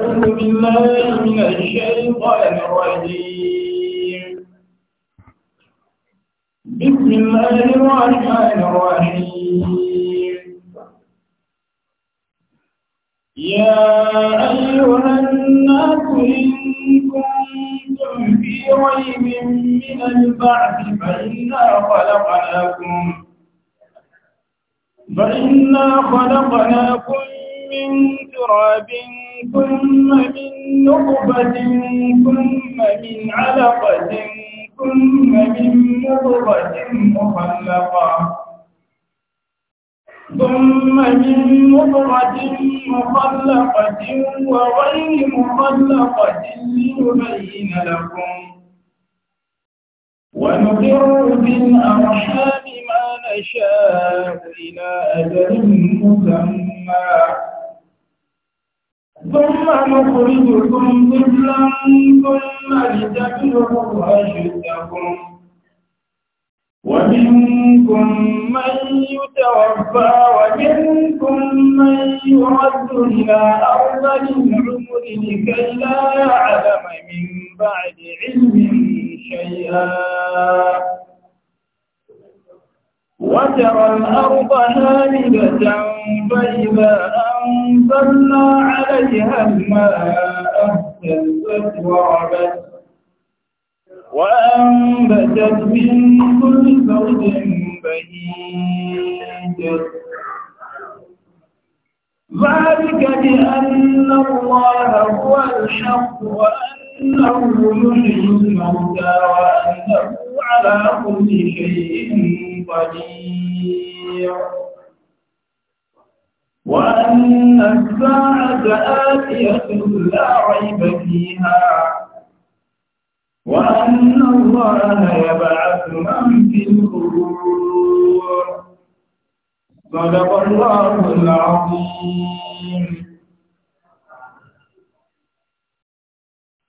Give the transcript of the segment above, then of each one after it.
أعوذ بالله من الشيطان الرجيم بسم الله الرحمن الرحيم يا أيها الناس إن كنتم في ريب من البعث فإنا خلقناكم فإنا خلقناكم من تراب ثم من نطفة ثم من علقة ثم من مضغة مخلقة ثم من مضغة مخلقة وغير مخلقة لنبين لكم ونقر في الأرحام ما نشاء إلى أجل مسمى Bọ́nà àmọ́kùnrin gbogbo tó lọ ń gbọ́ nínú àjíjájú lọ́pọ̀ àṣì ìtàkùn. Wàbí ǹkùn mẹ́yú tẹ́wàfà wàbí ǹkùn mẹ́yú ọdún ìlà àwọ́gbájú lọ́mọdé ní kẹ́lá àdámẹ́ mi bá ẹ̀dẹ̀ ìlú وترى الأرض هامدة فإذا أنزلنا عليها الماء اهتزت وعبت وأنبتت من كل زوج بهيج ذلك بأن الله هو الحق وأن إنه يحيي الموتى وأنه على كل شيء قدير وأن الساعة آتية لا ريب فيها وأن الله يبعث من في القبور صدق الله العظيم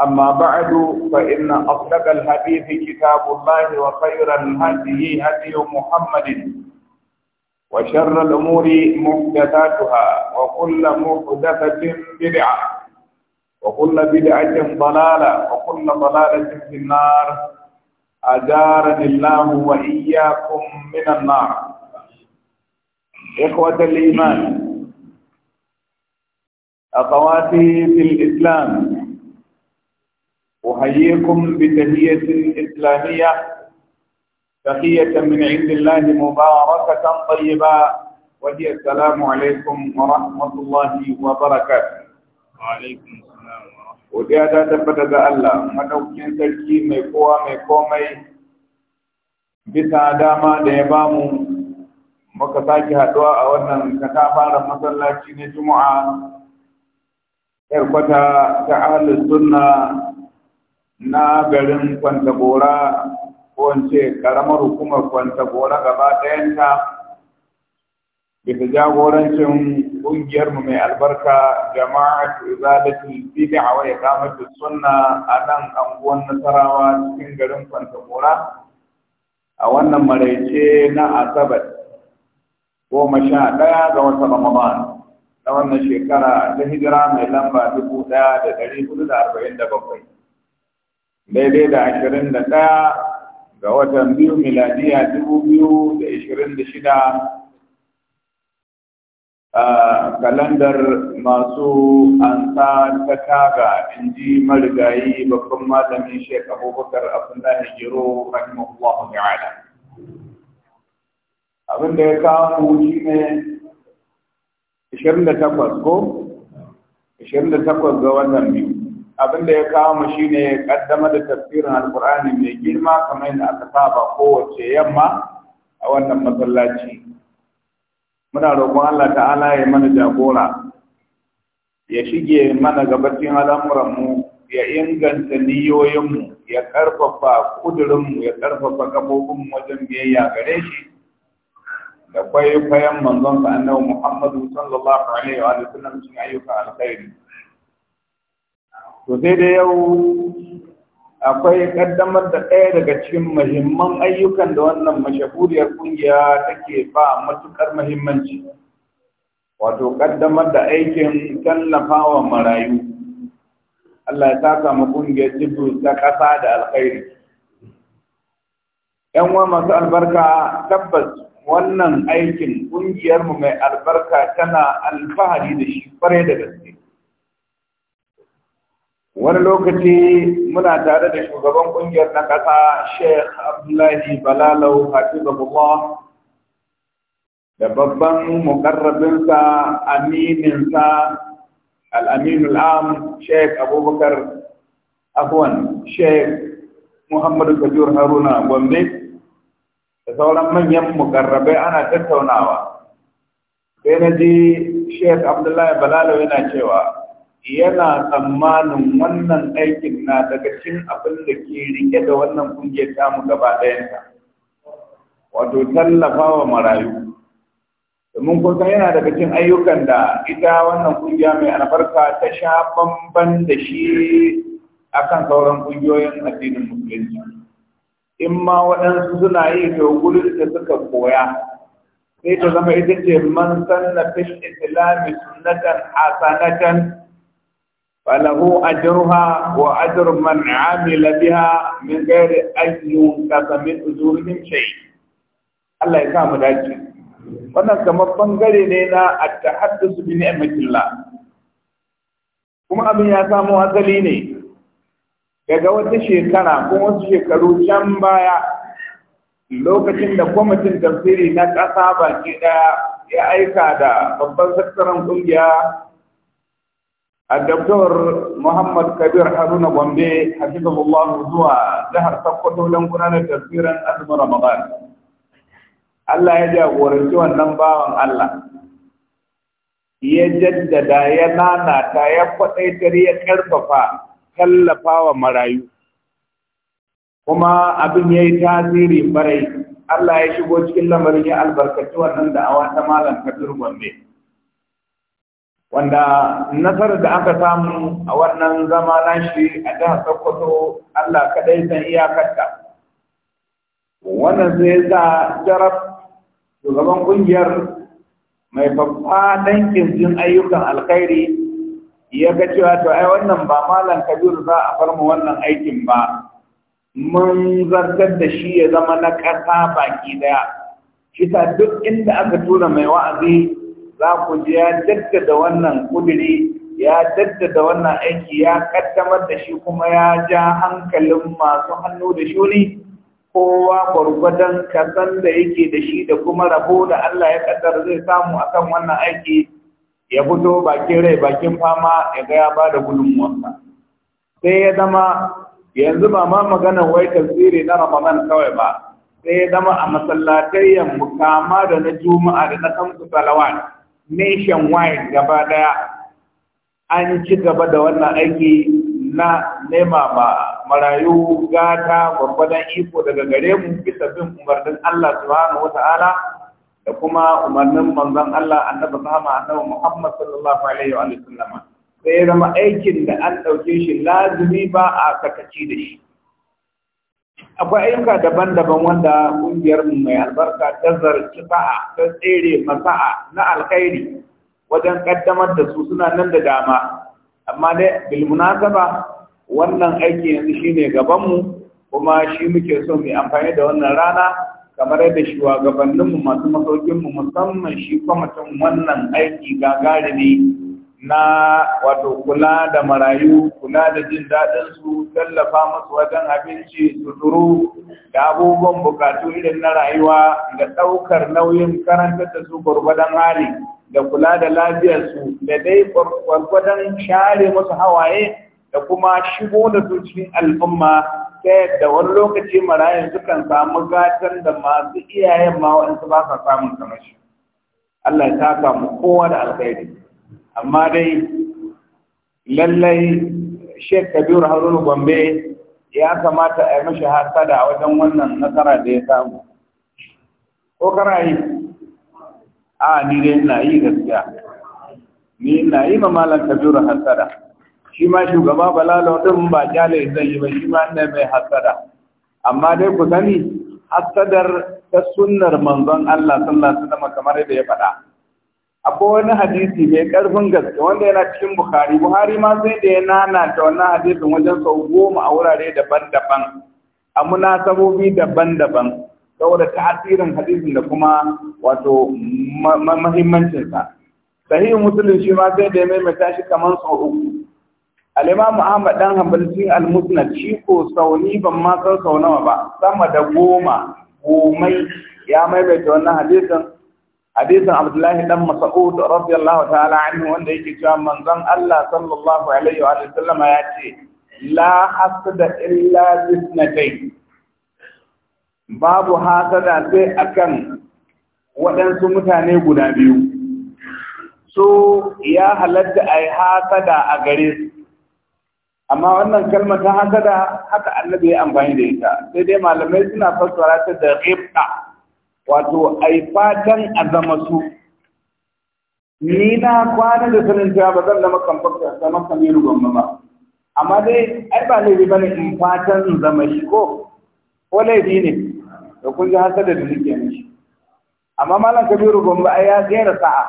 أما بعد فإن أصدق الحديث كتاب الله وخير الهدي هدي محمد وشر الأمور محدثاتها وكل محدثة بدعة وكل بدعة ضلالة وكل ضلالة في النار أجارني الله وإياكم من النار إخوة الإيمان أخواتي في الإسلام أحييكم بتحية إسلامية تحية من عند الله مباركة طيبة وهي السلام عليكم ورحمة الله وبركاته وعليكم السلام ورحمة الله تبدا الله madaukin sarki mai kowa mai komai bisa dama da ya bamu muka sake haɗuwa a wannan katafaren masallaci na juma'a Ƴar kwata ta ahlus sunna na garin kwantagora ko in ce karamar hukumar kwantagora gaba ɗayanta bisa jagorancin ƙungiyar mu mai albarka jama'a izalati bid'a kama iqamatu sunna a nan anguwan nasarawa cikin garin kwantagora a wannan maraice na asabar goma sha ɗaya ga wata ramadan na wannan shekara ta hijira mai lamba dubu ɗaya da ɗari hudu da arba'in da bakwai daidai da ashirin da ɗaya ga watan biyu miladiya dubu biyu da ashirin da shida a kalandar masu ansa ta taga in ji marigayi babban malamin shek abubakar abdullahi giro rahimahullahu ta'ala abin da ya kawo mu shi ne takwas ko takwas ga watan biyu abin da ya kawo mu shine ya kaddama da tafsirin alkur'ani mai girma kamar yadda aka saba kowace yamma a wannan masallaci muna roƙon Allah ta'ala ya mana jagora ya shige mana gabacin mu, ya inganta niyyoyinmu, ya kudurin ƙudurinmu ya karfafa mu wajen biyayya gare shi da kwaikwayon manzon sa annabi Muhammadu sallallahu alaihi wa sallam cikin ayyukan alkhairi to sai da yau akwai kaddamar da ɗaya daga cikin mahimman ayyukan da wannan mashahuriyar kungiya take ba matukar mahimmanci wato kaddamar da aikin tallafawa marayu Allah ya saka mu kungiyar jibu ta ƙasa da alkhairi yan uwa masu albarka tabbas wannan aikin kungiyar mu mai albarka tana alfahari da shi kware da gaske wani lokaci muna tare da shugaban kungiyar na ƙasa sheikh abdullahi balalau hafizahullah da babban mukarrabinsa amininsa al'aminul am sheikh abubakar afwan sheikh muhammadu kajur haruna gombe da sauran manyan mukarrabai ana tattaunawa sai na ji sheikh abdullahi balalau yana cewa yana tsammanin wannan aikin na daga cin abin da ke rike da wannan kungiyar tamu gaba ɗayanta wato tallafa wa marayu domin kusan yana daga cin ayyukan da ita wannan kungiya mai albarka ta sha bamban da shi akan sauran kungiyoyin addinin musulunci in ma waɗansu suna yi to da suka koya sai ta zama ita ce man sanna islami sunnatan hasanatan فله أجرها وأجر من عامل بها من غير أن ينقص من أجورهم شيء الله يسامى dace wannan kamar bangare ne na at-tahadduth bi ni'matillah kuma abin ya samo asali ne daga wata shekara ko wasu shekaru can baya lokacin da kwamitin tafsiri na ƙasa baki ɗaya ya aika da babban sakataren ƙungiya الدكتور محمد كبير حرون بومبي حفظه الله زوا ظهر تقوته لن كنا تفسيرا أزم رمضان الله يجا ورسوا النبا الله يجدد يا نانا تايا فتيتر تريا كربفا كلفا ومرايو kuma abin ya yi tasiri barai Allah ya shigo cikin lamarin ya albarkaci wannan da awa ta malam Kabir Gombe. wanda nasarar da aka samu a wannan zama nashi a jihar Sokoto Allah kadai san iyakarta wannan sai da jarab shugaban kungiyar mai dan kirjin ayyukan alkhairi ya ga cewa to ai wannan ba malam kabiru za a bar mu wannan aikin ba mun zartar da shi ya zama na ƙasa baki daya shi duk inda aka tura mai wa'azi za ku ji ya jaddada wannan kudiri ya jaddada wannan aiki ya kaddamar da shi kuma ya ja hankalin masu hannu da shuni kowa gwargwadon kasan da yake da shi da kuma rabo da Allah ya kaddara zai samu akan wannan aiki ya fito bakin rai bakin fama ya ga ya ba da gudunmuwarsa sai ya zama yanzu ba ma maganar wai tafsiri na ramadan kawai ba sai ya zama a masallatayyan kama da na juma'a da na kamsu salawat nation wide gaba daya an ci gaba da wannan aiki na nema ba. marayu gata gwagwadon iko daga gare mu bisa bin umarnin Allah subhanahu wata'ala da kuma umarnin manzon Allah annabi Muhammad annabi Muhammad sallallahu alaihi wa sallama sai zama aikin da an dauke shi lazumi ba a sakaci da shi akwai ayyuka daban-daban wanda kungiyar mu mai albarka ta zarci sa'a ta tsere masa'a na alkhairi wajen kaddamar da su suna nan da dama amma dai bil munasaba wannan aiki yanzu shine gaban mu kuma shi muke so mu amfani da wannan rana kamar yadda mu masu mu musamman shi kwamitin wannan aiki gagarumi na wato kula da marayu kula da jin daɗinsu tallafa musu wajen abinci suturu da abubuwan bukatu irin na rayuwa da ɗaukar nauyin karanta da su gwargwadon hali da kula da lafiyar su, da dai gwargwadon share musu hawaye da kuma shigo da su cikin al'umma ta yadda wani lokaci marayun sukan samu gatan da masu iyayen ma waɗansu ba sa samun kamar shi Allah ya taka mu kowa da alkhairi amma dai lallai Sheikh Kabiru Haruna Gombe ya kamata a yi mashi hasada a wajen wannan nasara da ya samu. Ko kana yi? A ni dai na yi gaskiya. Ni na yi ma Malam Kabiru hasada. Shi ma shugaba Balalo din ba jale zai yi ba shi ma ne mai hasada. Amma dai ku sani hasadar ta sunnar manzon Allah sallallahu alaihi wasallam kamar yadda ya faɗa. akwai wani hadisi mai karfin gaske wanda yana cikin bukhari buhari ma sai da ya nanata wannan hadisin wajen sau goma a wurare daban-daban a munasabobi daban-daban saboda tasirin hadisin da kuma wato mahimmancinsa sahihu musulunci shi ma sai da ya maimaita shi kamar sau uku alimam muhammad ahmad dan hanbal al shi ko sauni ban ma san sau nawa ba sama da goma gomai ya maimaita wannan hadisin hadisin abdullahi dan mas'ud radiyallahu ta'ala anhu wanda yake cewa manzon Allah sallallahu alaihi wa sallam ya ce la hasada illa bisnatai babu hasada sai akan waɗansu mutane guda biyu so ya halatta a yi hasada a gare su amma wannan kalmar ta hasada haka annabi ya amfani da ita sai dai malamai suna fassara ta da ghibta wato ai fatan a zama su ni na kwana da sanin cewa ba zan zama kamfaka zama kamiru gwamma ba amma dai ai ba laifi bane in fatan in zama shi ko ko laifi ne da kun ji hasar da nake mishi amma malam kabiru gwamma ai ya tsere sa'a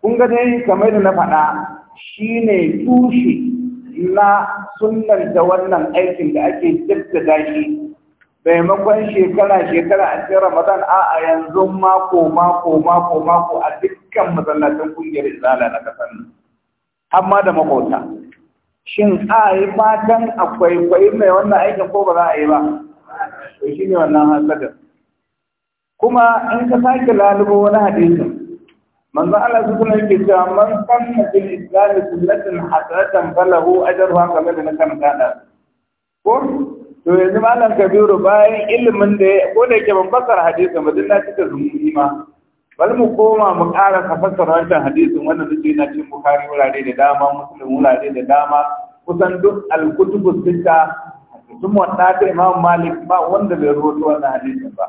kun ga dai kamar da na faɗa shine tushe na sunanta wannan aikin da ake jaddada shi maimakon shekara-shekara a cikin Ramadan a a yanzu mako mako mako mako a dukkan masallatan kungiyar izala na kasar nan amma da makota shin a yi fatan akwai kwai mai wannan aikin ko ba za a yi ba to shi ne wannan hasadar kuma in ka sake lalubo wani hadisin manzo Allah su kuma yake cewa man sanna bil islam sunnatin hasratan balahu ajruha kamar da na kan kada ko to yanzu malam kabiru bayan ilimin da ko da yake ban hadisi hadisin ba na cika zumuni ma bari mu koma mu ƙara ka fassara wancan hadisin wannan da na cikin bukari wurare da dama muslim wurare da dama kusan duk alkutubu sita sun wanda ta imam malik ba wanda bai rubuta wannan hadisin ba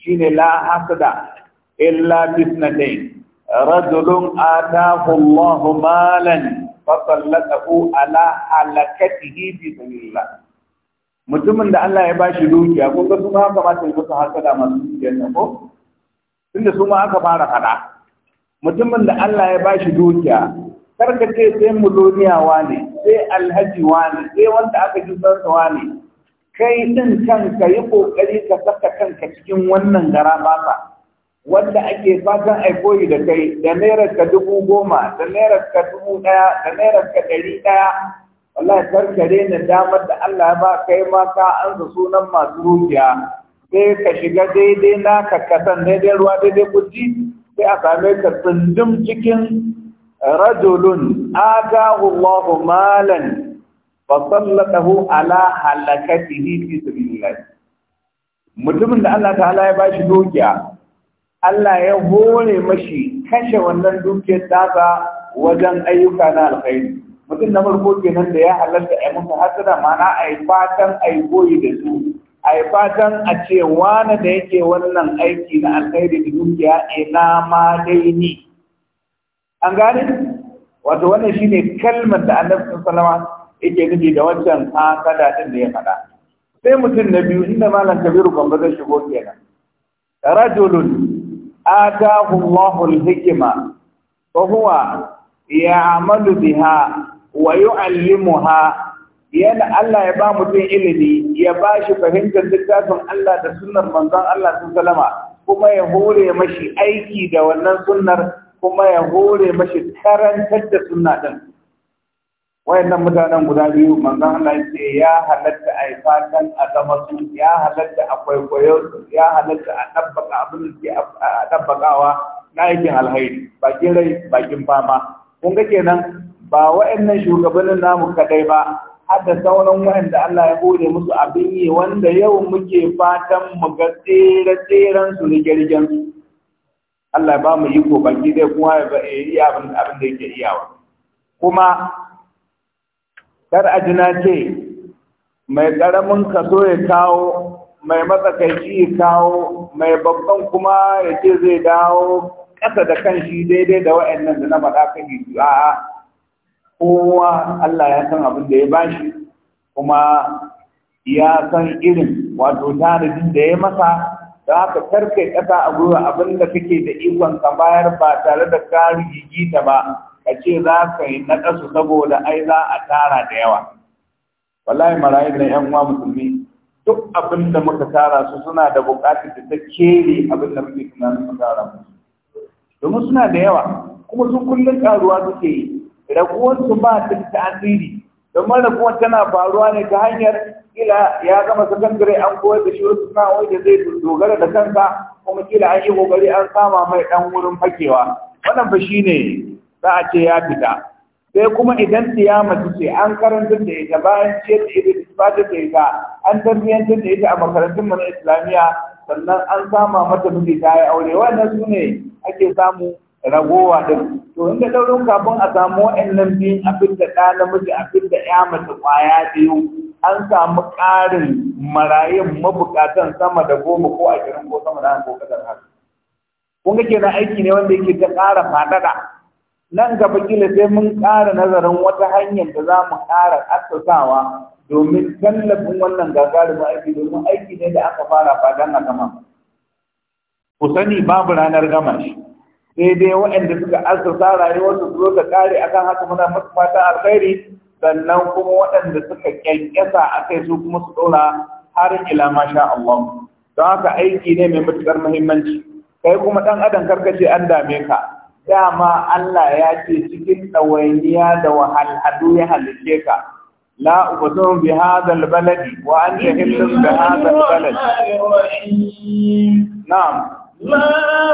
shine la hasada illa fitnatain rajulun atahu allah malan fasallatahu ala halakatihi bi الله mutumin da Allah ya bashi dukiya ko ga su ma kamata su hasada masu dukiyar nan ko tunda su aka fara fada mutumin da Allah ya bashi dukiya kar ka ce sai muloniyawa ne sai alhaji ne, sai wanda aka ji sarkawa ne kai din kanka yi kokari ka saka kanka cikin wannan gara ba wanda ake fatan ai koyi da kai da naira ka dubu goma da naira ka dubu daya da naira ka dari daya wallahi karkare na damar da Allah ya ba kai ma ka ansa sunan masu rukiya sai ka shiga daidai na kakkasan daidai ruwa daidai kuji sai a same ka tsundum cikin rajulun atahu Allahu malan fa sallatahu ala halakatihi fi sabilillah mutumin da Allah ta'ala ya bashi dukiya Allah ya hore mashi kashe wannan dukiyar tasa wajen ayyuka na alkhairi mutum na farko kenan da ya halarta a musu hasada mana a yi fatan a yi goyi da su a yi fatan a ce wani da yake wannan aiki na alkhairi da dukiya ina ma dai ni an gane wato wannan shine kalmar da annabi wasallam yake nufi da wancan hasada din da ya faɗa sai mutum na biyu inda malam kabiru kan zai shigo kenan rajulun ataahu Allahu al-hikma wa huwa ya'malu biha wa yu'allimuha yana Allah ya ba mutum ilimi ya ba shi fahimtar littafin Allah da sunnar manzon Allah sun salama kuma ya hore mashi aiki da wannan sunnar kuma ya hore mashi karantar da sunna din wayannan mutanen guda biyu manzon Allah ya ce ya halatta a fatan a zama su ya halatta a kwaikwayo ya halatta a tabbaka abin da ke a tabbakawa na aikin alhairi bakin rai bakin fama kun ga kenan ba wa'annan shugabannin namu kadai ba har da sauran wa'anda Allah ya gode musu abin yi wanda yau muke fatan mu ga tsere-tseren su rigirgen girgin Allah ba mu yi baki dai kuma ya iya abin da yake iyawa kuma kar a jina ce mai ƙaramin kaso ya kawo mai matsakaici ya kawo mai babban kuma ya ce zai dawo ƙasa da kan shi daidai da wa'annan da na faɗa kan yi a'a kowa Allah ya san abin da ya bashi kuma ya san irin wato tanadin da ya masa da haka karkai ƙasa a gwiwa abin da kake da ikon ka bayar ba tare da ka rigita ba ka ce za ka yi na ƙasu saboda ai za a tara da yawa wallahi marayu da yan uwa musulmi duk abin da muka tara su suna da buƙatar da ta kere abin da muke tunanin mu tara musu domin suna da yawa kuma sun kullum karuwa suke yi su ba ta ta'asiri domin raguwar tana faruwa ne ta hanyar kila ya gama sakandare an koyar da shi wasu sana'o'i da zai dogara da kanka kuma kila an yi kokari an sama mai dan wurin fakewa wannan fa ne za a ce ya fita sai kuma idan mace ce an karanta da ita bayan ciyar da ita fata da ita an tarbiyyantar da ita a makarantun mana islamiyya sannan an sama mata miji ta yi aure wannan su ne ake samu ragowa din to inda daurin kafin a samu wa'annan biyun abin da ɗa namiji abin da ya mace kwaya biyu an samu ƙarin marayun mabukatan sama da goma ko ashirin ko sama da ko kasar haka kun ga kenan aiki ne wanda yake ta ƙara faɗaɗa nan gaba kila sai mun ƙara nazarin wata hanyar da za mu ƙara assasawa domin tallafin wannan gagarumin aiki domin aiki ne da aka fara faɗan a gama ku sani babu ranar gama shi Daidai waɗanda suka azurta rayuwarsu su zo ta kare akan haka muna masu fatan alkhairi sannan kuma waɗanda suka ƙyanƙyasa a kai su kuma su ɗora har ila masha Allah don haka aiki ne mai matuƙar muhimmanci kai kuma ɗan adam karkace an dame ka dama Allah ya ce cikin ɗawainiya da wahalhalu ya halitte ka la uqsimu bi البلد baladi wa البلد نعم ما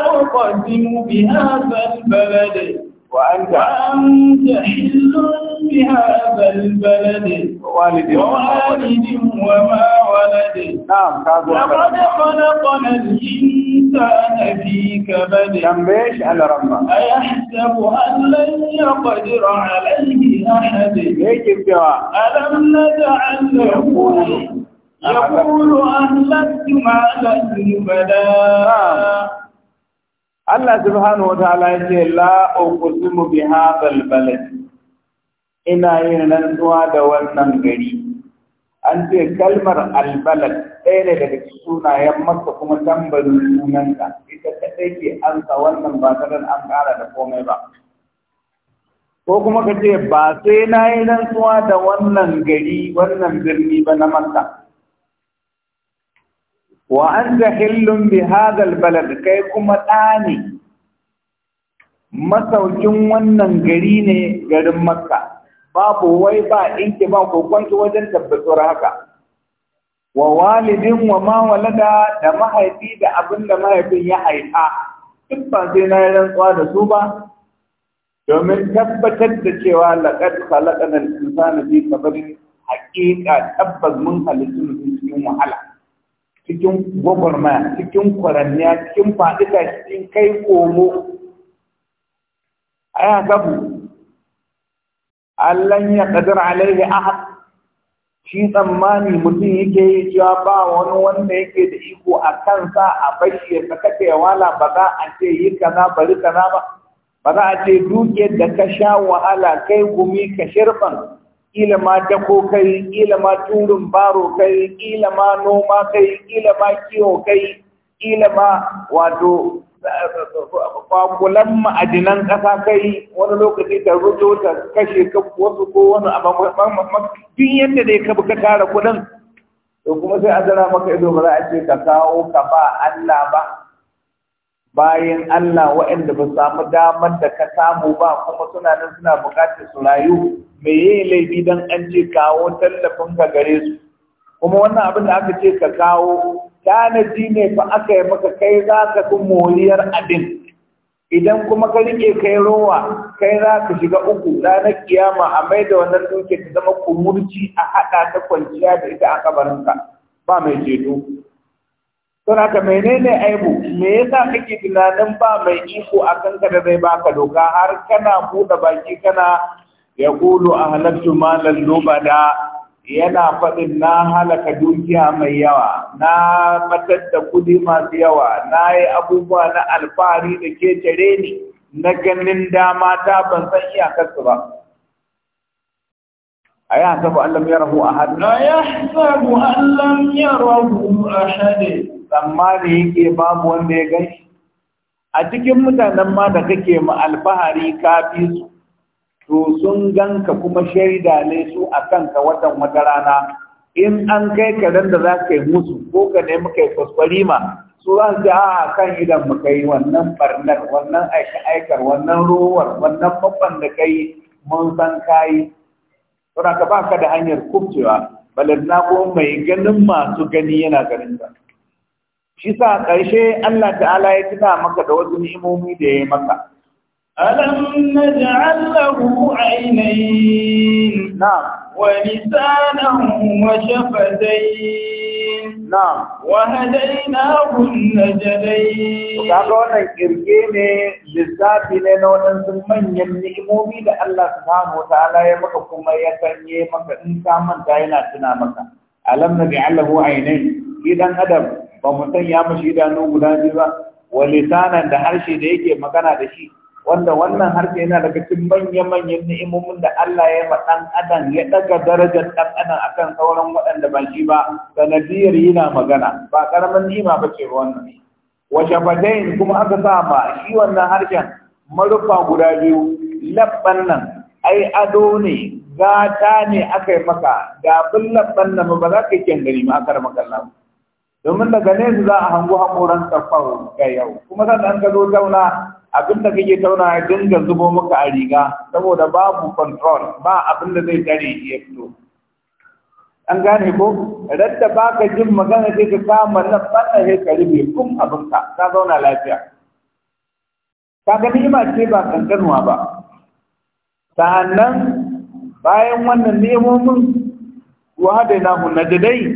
أقدم بهذا البلد وأنت وأنت حل بهذا البلد ووالد وما ولد نعم لقد خلقنا الإنسان في كبد تنبيش على ربه أيحسب أن لن يقدر عليه أحد ألم نجعل له يقول أهلكت مالا لبدا Allah subhanahu wataala ya ce la uqsimu bi hadhal balad ina yin tuwa da wannan gari an ce kalmar albalad ɗaya ne daga sunayen maka kuma tambarin sunanka ita kaɗai ke ansa wannan ba tare an ƙara da komai ba ko kuma ka ce ba sai na yi rantsuwa da wannan gari wannan birni ba na makka wa an hillun bi hadal balad kai kuma ɗani masaukin wannan gari ne garin makka babu wai ba inke ba kokonki wajen tabbatar haka wa walidin wa ma walada da mahaifi da abin da mahaifin ya haifa duk ba sai na yi rantsuwa da su ba domin tabbatar da cewa laƙar halaƙa na insani fi kabarin haƙiƙa tabbas mun halittu mutum cikin wahala cikin gwagwarmaya cikin kwaranniya cikin faɗiɗa cikin kai komo a gabu allon ya ƙadar alaihi ahad shi tsammani mutum yake yi cewa ba wani wanda yake da iko a kansa a bashi ya saka ya wala ba za a ce yi kaza bari kaza ba ba za a ce duk da ka sha wahala kai gumi ka shirfan ƙila ma dako kai ƙila ma turin baro kai ƙila ma noma kai ƙila ma kiwo kai ƙila ma wato kwakulan ma'adinan ƙasa kai wani lokaci ta rujo ta kashe wasu ko wani abu duk yadda dai ka ka tara kuɗin to kuma sai a zara maka ido ba za a ce ka kawo ka ba Allah ba bayan Allah waɗanda ba samu damar da ka samu ba kuma suna nan suna bukatar su rayu me yi laifi don an ce kawo tallafin ka gare su kuma wannan abin da aka ce ka kawo tanaji ne fa aka yi maka kai za ka fi moriyar abin idan kuma ka rike kai rowa kai za ka shiga uku ranar kiyama a mai da wannan duke ta zama kumurci a haɗa ta kwanciya da ita a kabarinka ba mai ceto don ka menene aibu me yasa kake tunanin ba mai iko a kanka da zai baka doka har kana buɗe baki kana ya ƙulu a halattu malan da? yana faɗin na halaka dukiya mai yawa na fatar da kuɗi masu yawa na yi abubuwa na alfahari da ke tare ni na ganin dama ta ban san iyakarsu ba أيحسب أن لم يره أحد أيحسب أن لم يره أحد tsammani yake babu wanda ya ganshi. a cikin mutanen ma da kake ma alfahari ka fi su to sun ganka kuma shaida ne su a kanka watan wata rana in an kai ka da za ka yi musu ko ka nemi kai kwaskwari ma su za su a kan idan mu kai wannan barnar wannan aikar wannan rowar wannan babban da ka yi mun san kayi saboda ka baka da hanyar kubcewa na ko mai ganin masu gani yana ganin ka shi sa ƙarshe Allah ta'ala ya tuna maka da wasu ni'imomi da ya yi maka alam naj'al lahu aynayn na'am wa lisanan wa shafatayn na'am na hadaynahu kaga wannan kirge ne lissafi ne na waɗansu manyan ni'imomi da Allah su samu ta'ala ya maka kuma ya sanye maka in ka manta yana tuna maka alam naj'al lahu ainihin! shi dan adam ba mu sanya da idanu guda biyu ba wa lisanan da harshe da yake magana da shi wanda wannan harshe yana daga cikin manya-manyan ni'imomin da Allah ya ba dan adam ya daga darajar dan adam akan sauran waɗanda ba shi ba sanadiyar yana magana ba karamin ni'ima ba ce wannan wa shafatayn kuma aka sa ma shi wannan harshen marufa guda biyu labban nan ai ado ne gata ne aka maka da bin labban nan ba za ka yi kyan ma akar Allah domin daga nesa za a hango haƙoran tsafau ga yau kuma sannan an zo zauna abin da kake tauna ya dinga zubo maka a riga saboda babu control ba abin da zai tare ya fito an gane ko radda ba ka jin magana sai ka kama na fata ya ka kun abinka ka zauna lafiya ka ga ni'ima ce ba kankanuwa ba sa'annan bayan wannan nemomin wa hadainahu dai?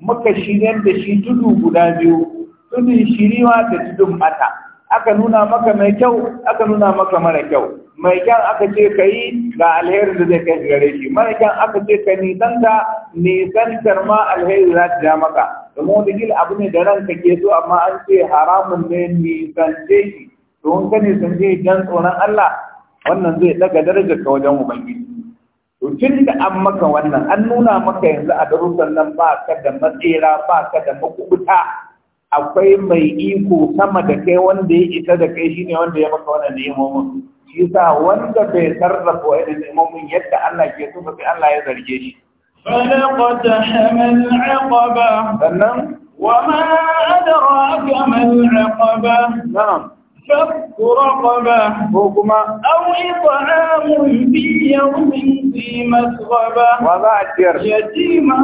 muka shirin da shi tudu guda biyu tudun shiriwa da tudun mata aka nuna maka mai kyau aka nuna maka mara kyau mai kyau aka ce ka yi ga alherin da zai kai gare shi mara kyan aka ce ka ta nisan ma alheri za ta ja maka domin wata gil abu ne da ranka ke so amma an ce haramun ne nisan shi to in ka nisance jan tsoron Allah wannan zai daga darajar ka wajen ubangiji to tun da an maka wannan an nuna maka yanzu a darussan nan ba ka da matsera ba ka da makubuta akwai mai iko sama da kai wanda ya ita da kai shine wanda ya maka wannan nemomin shi yasa wanda bai sarrafa wa irin nemomin yadda Allah ke so sai Allah ya zarge shi فلقد حمل عقبة sannan وما أدراك ما العقبة نعم فَكُ رَقَبًا هُكُمًا أَوْ إِطْعَامٌ بِيَوْمٍ ذِي مَسْغَبَةٍ وَبَعْدِرْ يَتِيمًا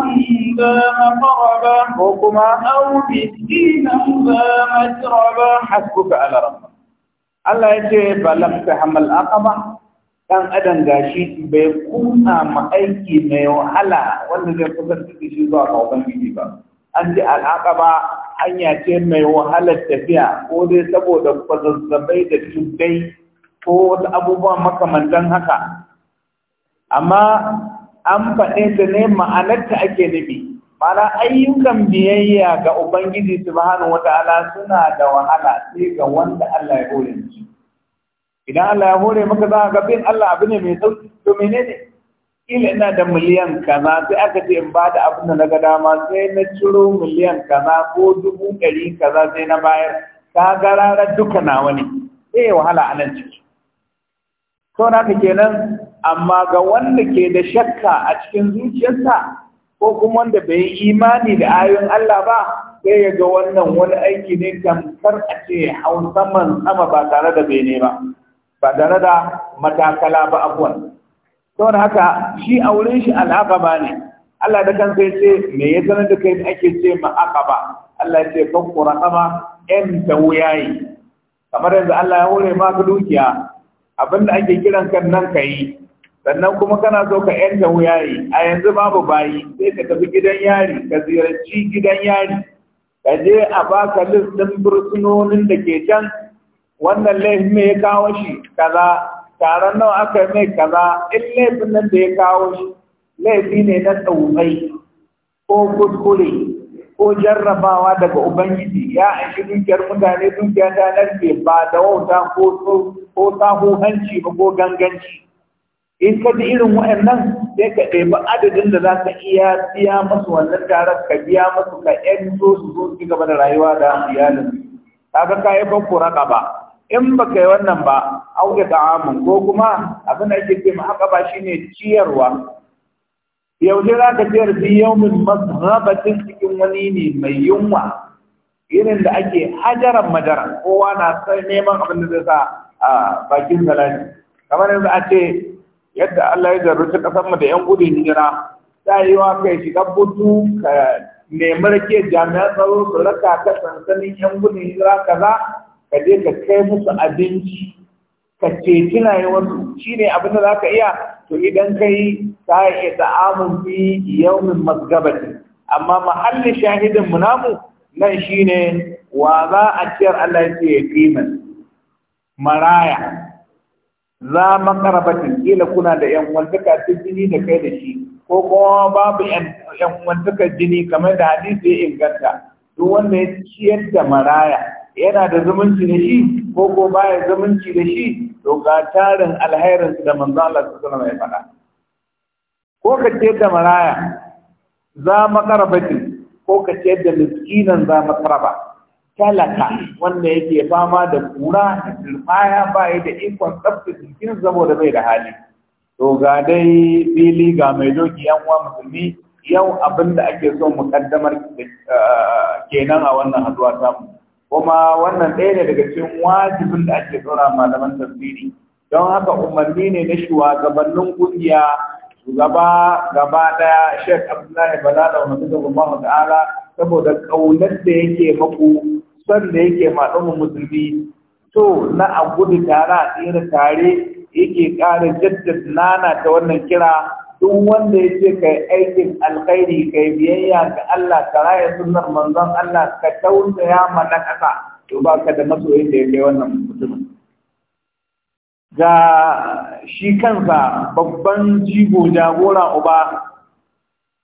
ذَا مَقْرَبَةٍ هُكُمًا أَوْ مِسْكِينًا ذَا مَتْرَبَةٍ حَسْبُكَ عَلَى رَبِّكَ Allah ya ce, "Balam ta hamal aqaba Dan adam gashi bai ma aiki mai wahala wanda zai kusa da shi zuwa ƙaunar biyu ba, an ji al'aƙa hanya ce mai wahalar tafiya ko dai saboda kwazazzabai da cutai ko wasu abubuwa makamantan haka amma an faɗe ta ne ma'anarta ake nufi mana ayyukan biyayya ga ubangiji subhanahu wata'ala suna da wahala sai ga wanda Allah ya hore shi idan Allah ya hore maka za ga bin Allah abu ne mai sauki to menene kila ina da miliyan kaza sai aka ce in bada abin da na ga dama sai na ciro miliyan kaza ko dubu ɗari kaza sai na bayar ka ga ranar duka na wani, sai eh, wahala a nan ciki to na ka kenan amma ga wanda ke da shakka a cikin zuciyarsa ko kuma wanda bai yi imani da ayoyin Allah ba sai ya ga wannan wani aiki ne tamkar a ce hau saman sama ba tare da bene ba ba tare da matakala ba abuwan saboda haka shi a wurin shi al'aqaba ne Allah da kan sai ce me ya sanar da kai ake ce ma aqaba Allah ya ce kan kama en ta wuyayi kamar yanzu Allah ya hore maka dukiya abinda ake kiran kan nan kai sannan kuma kana so ka yanta wuyayi a yanzu babu bayi sai ka tafi gidan yari ka ziyarci gidan yari ka je a baka list ɗin bursunonin da ke can wannan laifin me ya kawo shi kaza taron nawa aka yi mai kaza in laifin nan da ya kawo shi laifi ne na tsaunai ko kuskure ko jarrabawa daga ubangiji ya shi dukiyar mutane dukiya ta narke ba da wauta ko ko hanci ba ko ganganci in ka ji irin waɗannan sai ka ɗebi adadin da za ka iya biya masu wannan taron ka biya masu ka ƴan so su zo su gaba da rayuwa da iyalin kaga ka yi raka ba in ba ka yi wannan ba auge ta'amun ko kuma abin da ake ce ba shi ne ciyarwa yaushe za ka ciyar fi yaumin mazhabatin cikin wani ne mai yunwa irin da ake hajaran madaran kowa na sai neman abin da zai sa a bakin zalani kamar yanzu a ce yadda Allah ya jarruci kasar mu da yan gudun hijira ta yi wa kai shiga butu ka nemi rake jami'an tsaro su raka ta sansanin yan gudun hijira kaza ka je ka kai musu abinci ka ceci wasu shi ne abin da za ka iya to idan ka yi ta iya ta'amun fi yaumin masgabati amma mahallin shahidin mu namu nan shi ne wa za a ciyar Allah ya ce yatiman maraya za makarabatin kila kuna da yan wantaka ta jini da kai da shi ko kuma babu yan wantaka jini kamar da hadisi ya inganta duk wanda ya ciyar da maraya yana da zumunci da shi ko ko baya zumunci da shi to ga tarin alhairin da Manzala su sallallahu alaihi wasallam ko ka ce da maraya za makarabatin ko ka ce da miskinan za makaraba talaka wanda yake fama da kura da turfaya ba da ikon tsafta jikin saboda bai da hali to ga dai fili ga mai doki yan uwa musulmi yau abin da ake so mu kaddamar eh, kenan a wannan haduwa samu kuma wannan ɗaya ne daga cikin wajibin da ake tsora malaman tafsiri don haka umarni ne na shugabannin ƙungiya gaba gaba ɗaya shek Abdullahi Balala ba Muhammadu ta'ala saboda ƙaunar da yake maku son da yake maɗan musulmi to na a gudu tare a tsira tare yake ƙara jaddada nana ta wannan kira duk wanda ya ce ka aikin alkhairi ka biyayya ga Allah ka raya sunnar manzon Allah ka tausaya ya na ƙasa to ba ka da masoyin da ya kai wannan mutumin ga shi kansa babban jigo jagora uba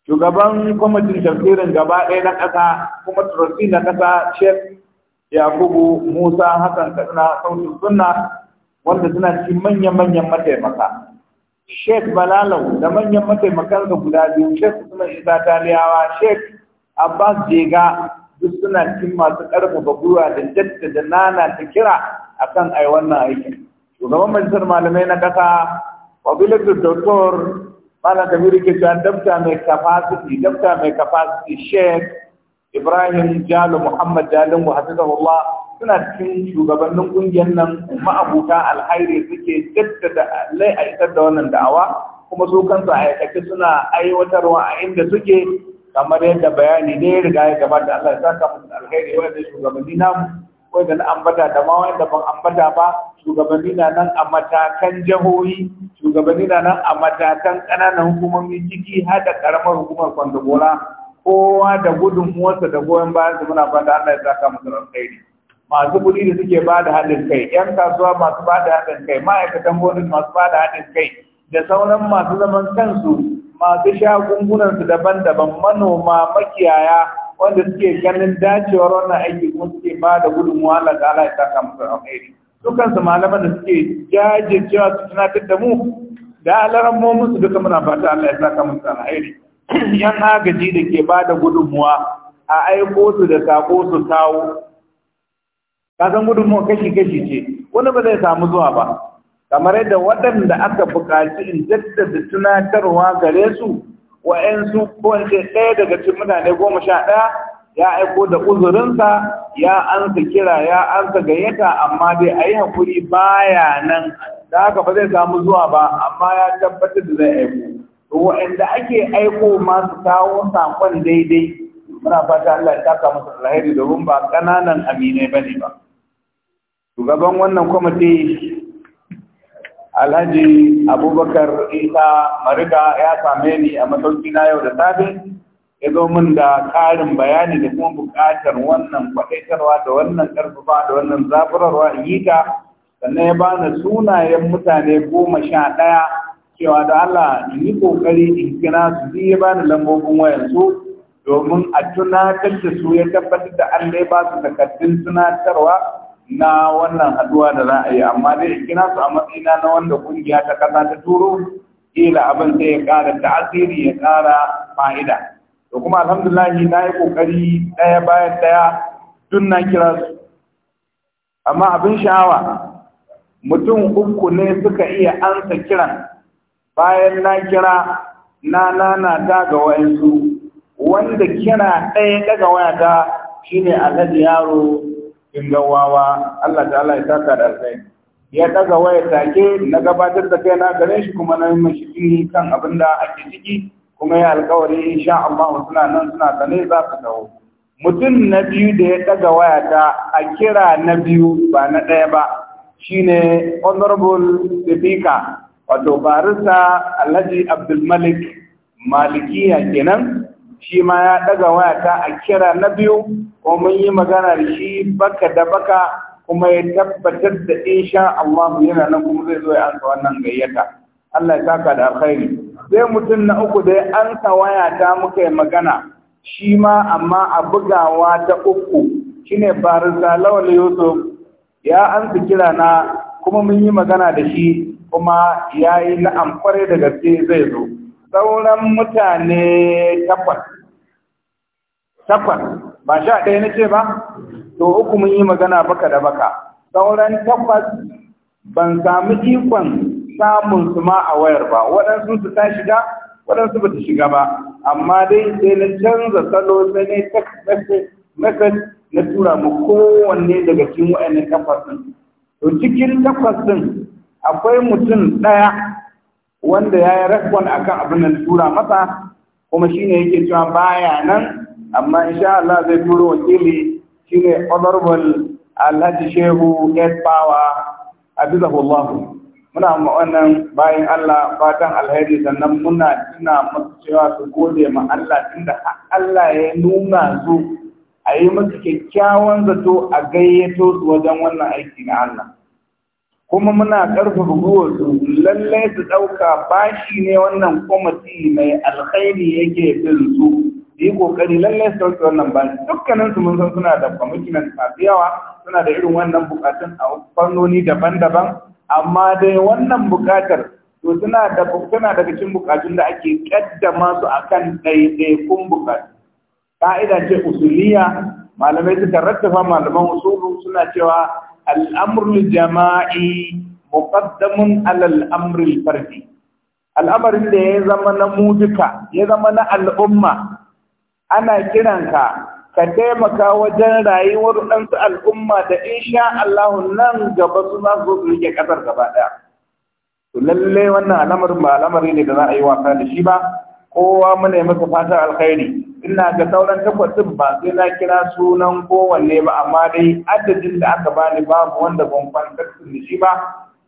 shugaban kwamitin tafsirin gaba ɗaya na ƙasa kuma turasi na ƙasa shek yakubu musa hassan kaduna sautin sunna wanda suna cikin manya-manyan mataimaka Sheikh Balalau da manyan mataimakansa guda biyu Sheikh Usman Isa Taliyawa Sheikh Abbas Jega duk suna cikin masu karfafa gwiwa da jaddada nana ta kira akan ai wannan aikin. Shugaban majalisar malamai na ƙasa Wabilar da Doktor Malam Kabiru ke cewa dabta mai capacity dabta mai capacity Sheikh Ibrahim Jalo Muhammad Jalingu Hafizahullah suna cikin shugabannin ƙungiyar nan ma'abuta alhairi suke jaddada lai isar da wannan da'awa kuma su kansu aikace suna aiwatarwa a inda suke kamar yadda bayani ne riga ya gabata Allah ya saka musu alheri da shugabanni namu wanda na ambata da ma wanda ban ambata ba shugabanni na nan a matakan jihohi shugabanni na nan a matakan ƙananan hukumomi ciki har da ƙaramar hukumar kwandagora kowa da gudunmuwarsa da goyon bayan su muna fata Allah ya saka musu alhairi masu kuɗi da suke ba da haɗin kai yan kasuwa masu ba da haɗin kai ma'aikatan gonin masu ba da haɗin kai da sauran masu zaman kansu masu shagungunansu daban-daban manoma makiyaya wanda suke ganin dacewar wannan aiki kuma suke ba da gudunmuwa Allah ta'ala ya saka musu alheri Dukansu malaman da suke jajircewa su tunatar da mu da alaran momin duka muna fata Allah ya saka musu alheri yan agaji da ke ba da gudunmuwa a aiko su da sako su kawo ka san gudunmuwa kashi kashi ce wani ba zai samu zuwa ba kamar yadda waɗanda aka buƙaci in jaddada tunatarwa gare su wa'yansu ko in ɗaya daga cikin mutane goma sha ɗaya ya aiko da uzurinsa ya ansa kira ya ansa gayyata amma dai a yi haƙuri baya nan da haka ba zai samu zuwa ba amma ya tabbatar da zai aiko wa'anda ake aiko masu kawo saƙon daidai muna fata Allah ya taka musu alheri domin ba ƙananan aminai bane ba shugaban wannan kwamiti alhaji abubakar isa mariga ya same ni a masauki na yau da safe ya zo min da ƙarin bayani da kuma buƙatar wannan kwaɗaitarwa da wannan ƙarfafa da wannan zaburarwa in yi ta sannan ya bani sunayen mutane goma sha ɗaya cewa da Allah in yi ƙoƙari in kira su ya bani lambobin wayansu domin a tunatar da su ya tabbatar da allai dai ba su takardun tunatarwa na wannan haduwa da za a yi amma dai in kira su a matsayina na wanda kungiya ta kasa ta turo kila abin sai ya kara ta'asiri ya kara fa'ida to kuma alhamdulillah na yi kokari daya bayan daya tun na kira su amma abin sha'awa mutum uku ne suka iya ansa kiran bayan na kira na nanata ga wayansu wanda kira ɗaya daga wayata shine alhaji yaro in gawawa Allah ta'ala ya taka da alkhairi ya daga waya take na gabatar da na gare shi kuma na yin shi kan abin da ake ciki kuma ya alkawari insha Allah suna nan suna sane za su dawo mutum na biyu da ya daga waya ta a kira na biyu ba na ɗaya ba shine honorable speaker wato barista Alhaji Abdul Malik Malikiya kenan shi ma ya ɗaga wayata a kira na biyu ko mun yi magana da shi baka da baka kuma ya tabbatar da insha Allah yana nan kuma zai zo ya ansa wannan gayyata Allah ya saka da alkhairi sai mutum na uku da ya ansa wayata muka yi magana shi ma amma a bugawa ta uku shine barisa lawal yusuf ya ansa kira na kuma mun yi magana da shi kuma ya yi na'am kwarai da gaske zai zo sauran mutane takwas takwas ba sha ɗaya na ce ba to uku mun yi magana baka da baka sauran takwas ban samu ikon samun su ma a wayar ba waɗansu su ta shiga waɗansu ba ta shiga ba amma dai sai na canza salo sai ne text na tura mu kowanne daga cikin waɗannan takwas to cikin takwas ɗin akwai mutum ɗaya wanda ya yi rakon akan abin da tura masa kuma shi ne yake cewa baya nan amma insha Allah zai turo wakili shine honorable Alhaji Shehu Ed Power Abizahullah muna ma bayan Allah fatan alheri sannan muna tuna masu cewa su gode ma Allah tunda Allah ya nuna su a yi masu kyakkyawan zato a gayyato su wajen wannan aiki na Allah kuma muna ƙarfafa gwiwarsu lallai su ɗauka bashi ne wannan kwamati mai alkhairi yake bin su yi ƙoƙari lallai su ɗauki wannan bashi dukkanin su mun san suna da kwamitinan masu yawa suna da irin wannan buƙatun a fannoni daban-daban amma dai wannan buƙatar to suna da suna daga cikin buƙatun da ake ƙaddama su akan ɗaiɗaikun buƙatu ka'ida ce usuliya malamai suka rattafa malaman usulu suna cewa al'amrul jama'i muqaddamun alal amril fardi al'amarin da ya zama na mujika ya zama na al'umma ana kiranka ka taimaka wajen rayuwar ɗansu al'umma da insha Allah nan gaba suna zo su rike ƙasar gabaɗaya. ɗaya. To lalle wannan al'amarin ba al'amari ne da za a yi wasa da shi ba, kowa muna yi masa fatan alkhairi ina ga sauran takwas din ba sai na kira sunan kowanne ba amma dai adadin da aka bani babu wanda ban kwantar da shi ba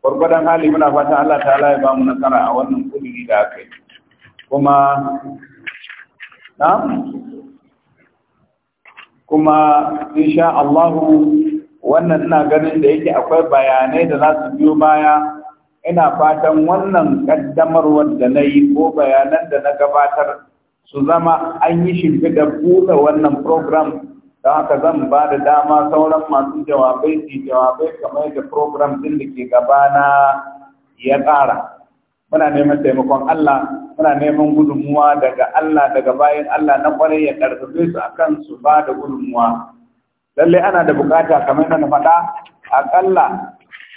gwargwadon hali muna fatan Allah ta'ala ya ba mu nasara a wannan kudiri da aka yi kuma na kuma insha Allah wannan ina ganin da yake akwai bayanai da za su biyo baya ina fatan wannan kaddamarwar da na yi ko bayanan da na gabatar su zama an yi shimfiɗa buɗe wannan program Da haka zan ba da dama sauran masu jawabai su jawabai kamar da program ɗin da ke gabana ya ƙara muna neman taimakon Allah muna neman gudunmuwa daga Allah daga bayan Allah na kwarai ya ƙarfafe su akan su ba da gudunmuwa lallai ana da bukata kamar na faɗa aƙalla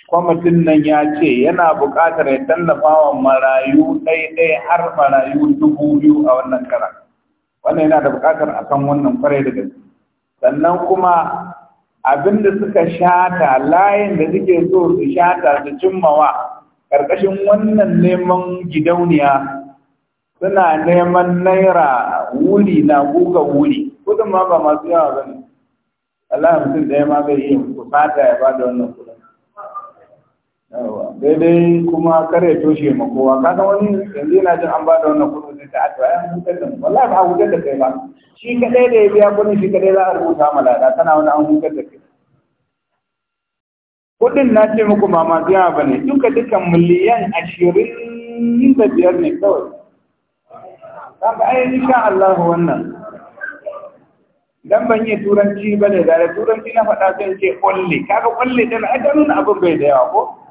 kwamitin nan ya ce yana buƙatar ya tallafa wa marayu ɗaiɗai har marayu dubu biyu a wannan karan wannan yana da buƙatar a kan wannan kwarai da gaske sannan kuma abin da suka shata layin da suke so su shata su cimmawa ƙarƙashin wannan neman gidauniya suna neman naira wuri na guga wuri kudin ma ba masu yawa ba ne Allah mutum ɗaya ma zai yi ku fata ya ba da wannan daidai kuma kar ya toshe makowa, kada kaga wani yanzu yana jin an ba da wannan kudin sai ta a ya hutar da mu wallahi ba hutar da kai ba shi kadai da ya biya kudin shi kadai za a rubuta ma lada kana wani an hutar da kai kudin na ce muku ba ma biya ba ne duka dukan miliyan ashirin da biyar ne kawai kaga ai insha Allah wannan dan ban yi turanci ba da turanci na faɗa sai ce kulli kaga kulli din a da nuna abin bai da yawa ko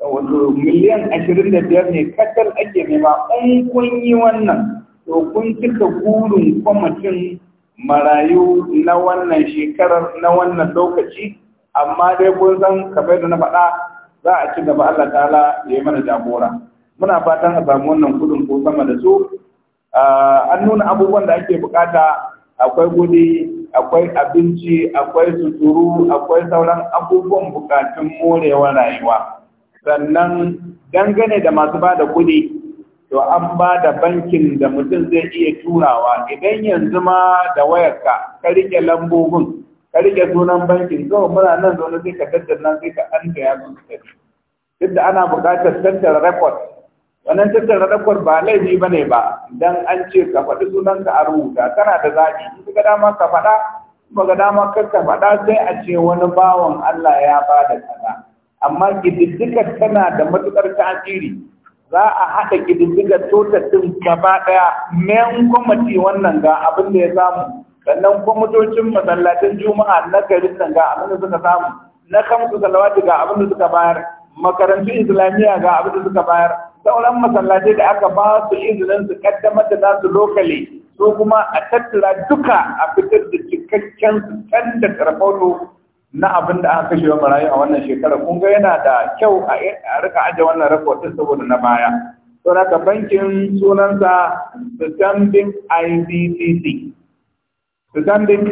wato miliyan ashirin da biyar ne kasar ake nema in kun yi wannan to kun cika gurin kwamitin marayu na wannan shekarar na wannan lokaci amma dai kun san kamar da na faɗa za a ci gaba Allah ta'ala ya yi mana jagora muna fatan a samu wannan kudin ko sama da su an nuna abubuwan da ake bukata akwai gudi akwai abinci akwai suturu akwai sauran abubuwan bukatun morewa rayuwa sannan dangane da masu ba da kuɗi to an ba da bankin da mutum zai iya turawa idan yanzu ma da wayarka ka rike lambobin ka rike sunan bankin kawai muna nan zaune sai ka tattara sai ka an da ya duk da ana buƙatar tattara rekod wannan tattara rakwar ba laifi ba ne ba idan an ce ka faɗi sunanka a rubuta kana da zaɓi in ka dama ka faɗa ba ga dama ka faɗa sai a ce wani bawan Allah ya ba da kaza amma ƙididdigar tana da matuƙar tasiri za a haɗa tota totatin gaba ɗaya mayan kwamati wannan ga abin da ya samu sannan kwamitocin masallacin juma'a na garin nan ga abin da suka samu na kamsu salawati ga abin da suka bayar makarantun islamiyya ga abin da suka bayar sauran masallatai da aka ba su izinin su kaddamar da nasu lokali so kuma a tattara duka a fitar da cikakken su can da na abin da aka kashe wa marayu a wannan shekarar kun ga yana da kyau a rika aje wannan rahoton saboda na baya to haka bankin sunansa Standing IDTC Standing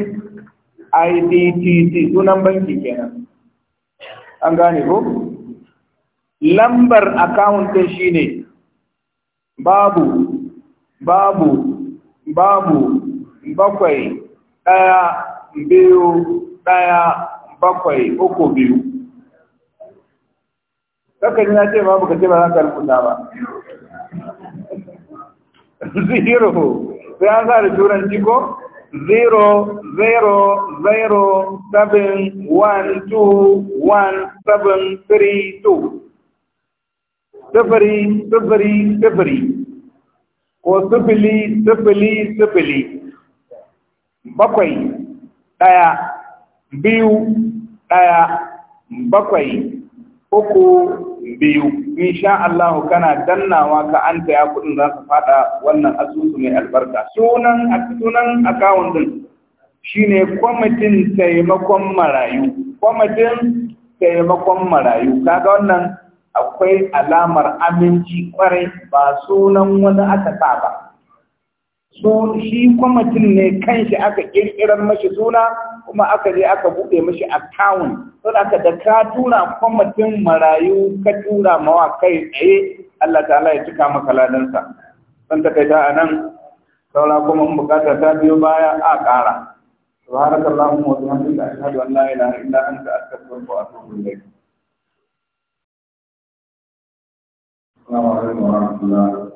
IDTC sunan banki kenan an gane ko lambar account din shine babu babu babu bakwai ɗaya biyu ɗaya bakwai uku biyu kakan ya ce babu buka ce ba za ka rubuta ba zero sai an sa da turan jiko? zero zero zero seven one two one seven three two sifiri sifiri sifiri ko sifili sifili sifili bakwai ɗaya biyu ɗaya bakwai uku biyu insha allahu kana dannawa ka an taya kuɗin za su faɗa wannan asusu mai albarka sunan sunan akawun din shine kwamitin taimakon marayu kwamitin taimakon marayu kaga wannan akwai alamar aminci kwarai ba sunan wani aka sa ba so shi kwamitin ne kanshi aka kirkirar mashi suna kuma aka je aka buɗe mashi akawun? saboda aka da ka tura kwamitin marayu ka tura mawa kai tsaye Allah ta'ala ya cika maka ladansa san ta kai ta anan saura kuma in bukata ta biyo baya a ƙara subhanakallahumma wa bihamdika ashhadu an la ilaha illa anta astaghfiruka wa atubu ilayk السلام عليكم ورحمة الله